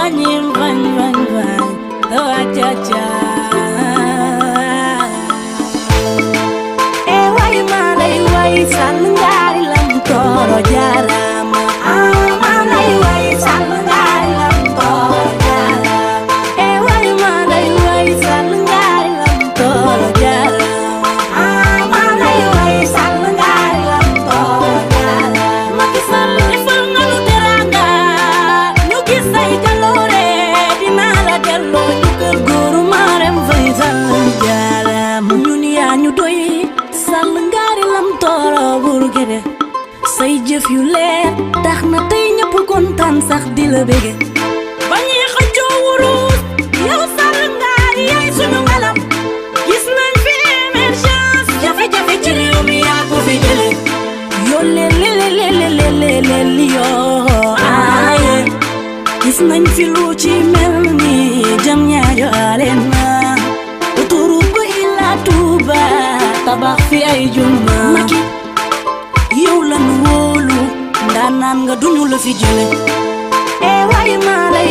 vanyim van van van do a cha cha e wai ma dai wai san ga ri lam ko ro yàgg say jëf yu leer tax na tey ñëpp kontaan sax di la bége ba ñuy xëccoo yow sàll ngaar yaay suñu ngalam gis nañ fi émergence jafe-jafe ci réew mi yaa ko fi jële yoo leleleleleleleli yoo aaye gis nañ fi lu ci mel ni jam ñaajo aleen na autoroute ba Ila Touba tabax fi ay juma ndaanaan nga duñu la fi jële e eh, waay maa lay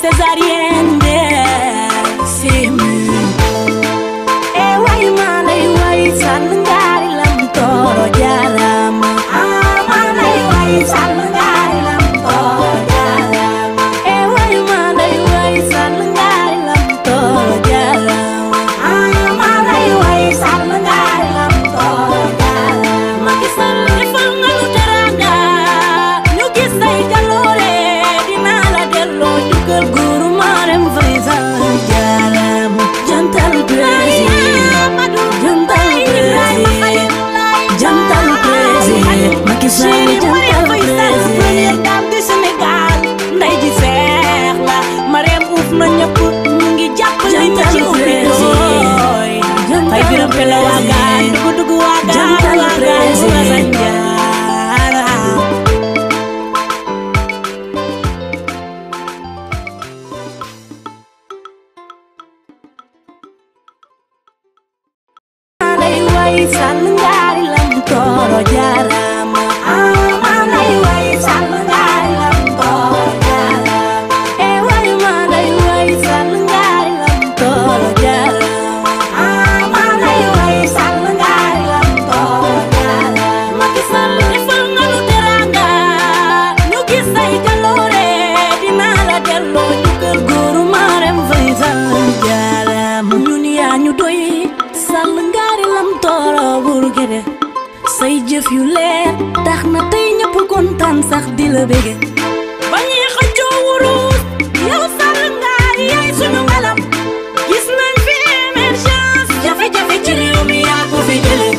nariz say jaloore lam say jëf yu leer tax na ñëpp kontaan sax di la bége ba ñuy wuruus yow sàll ngaari yaay suñu ngalam gis nañ fi émergence jafe-jafe ci réew mi yaa ko fi jële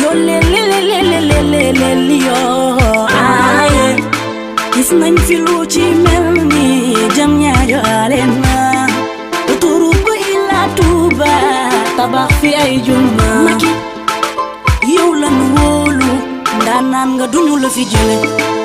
yoo lele lele isnan filuci melni jam ñaajo alena turu ko ila tuba tabax fi ay juma maki yow lan wolu ndanan nga duñu la fi jëlee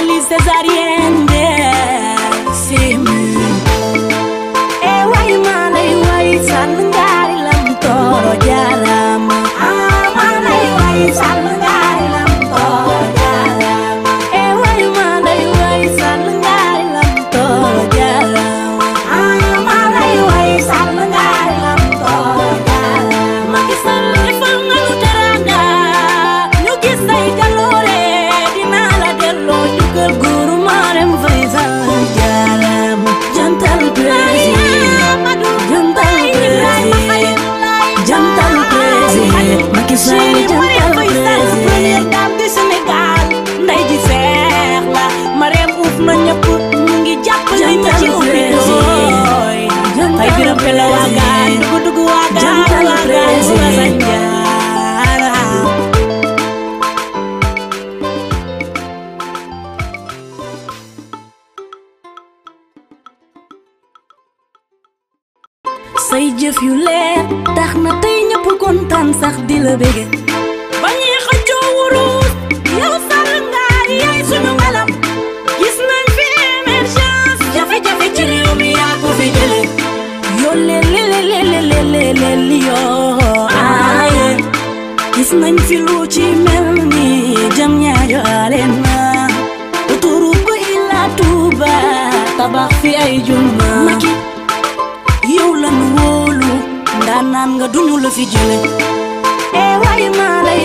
feliz cesárea jëf yu leer tax na tey ñëpp kontaan sax di la bége nañ fi le le le le le le le le fi lu ci mel ni jam ñaajo aleen na autoroute ko ilaa Touba tabax fi ay juma ndaanaan nga duñu la fi jële e eh, waay maa